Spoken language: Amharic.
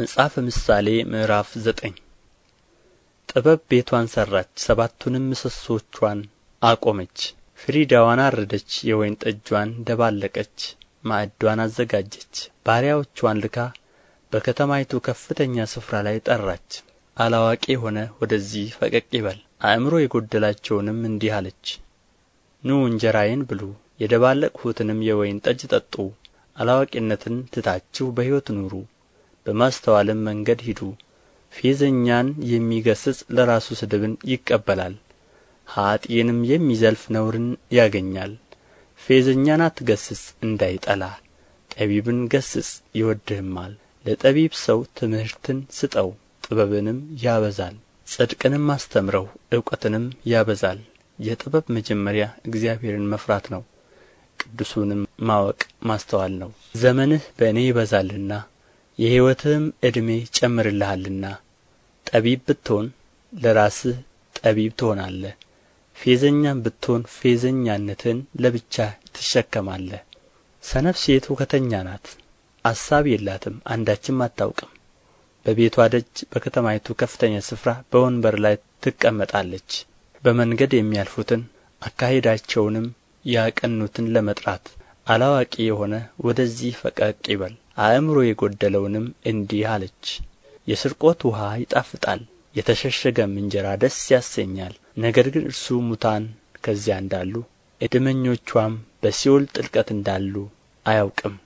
መጽሐፈ ምሳሌ ምዕራፍ ዘጠኝ ጥበብ ቤቷን ሠራች፣ ሰባቱንም ምሰሶቿን አቆመች። ፍሪዳዋን አረደች፣ የወይን ጠጇን ደባለቀች፣ ማዕዷን አዘጋጀች። ባሪያዎቿን ልካ በከተማይቱ ከፍተኛ ስፍራ ላይ ጠራች። አላዋቂ የሆነ ወደዚህ ፈቀቅ ይበል፣ አእምሮ የጎደላቸውንም እንዲህ አለች። ኑ እንጀራዬን ብሉ፣ የደባለቅሁትንም የወይን ጠጅ ጠጡ። አላዋቂነትን ትታችሁ በሕይወት ኑሩ በማስተዋልም መንገድ ሂዱ ፌዘኛን የሚገሥጽ ለራሱ ስድብን ይቀበላል ኀጥእንም የሚዘልፍ ነውርን ያገኛል ፌዘኛን አትገሥጽ እንዳይጠላ ጠቢብን ገሥጽ ይወድህማል። ለጠቢብ ሰው ትምህርትን ስጠው ጥበብንም ያበዛል ጽድቅንም አስተምረው እውቀትንም ያበዛል የጥበብ መጀመሪያ እግዚአብሔርን መፍራት ነው ቅዱሱንም ማወቅ ማስተዋል ነው ዘመንህ በእኔ ይበዛልና የሕይወትህም ዕድሜ ጨምርልሃልና ጠቢብ ብትሆን ለራስህ ጠቢብ ትሆናለህ ፌዘኛም ብትሆን ፌዘኛነትህን ለብቻህ ትሸከማለህ ሰነፍ ሴት ውከተኛ ናት አሳብ የላትም አንዳችም አታውቅም በቤቷ ደጅ በከተማይቱ ከፍተኛ ስፍራ በወንበር ላይ ትቀመጣለች በመንገድ የሚያልፉትን አካሄዳቸውንም ያቀኑትን ለመጥራት አላዋቂ የሆነ ወደዚህ ፈቀቅ ይበል አእምሮ የጐደለውንም እንዲህ አለች የስርቆት ውኃ ይጣፍጣል የተሸሸገም እንጀራ ደስ ያሰኛል ነገር ግን እርሱ ሙታን ከዚያ እንዳሉ እድመኞቿም በሲኦል ጥልቀት እንዳሉ አያውቅም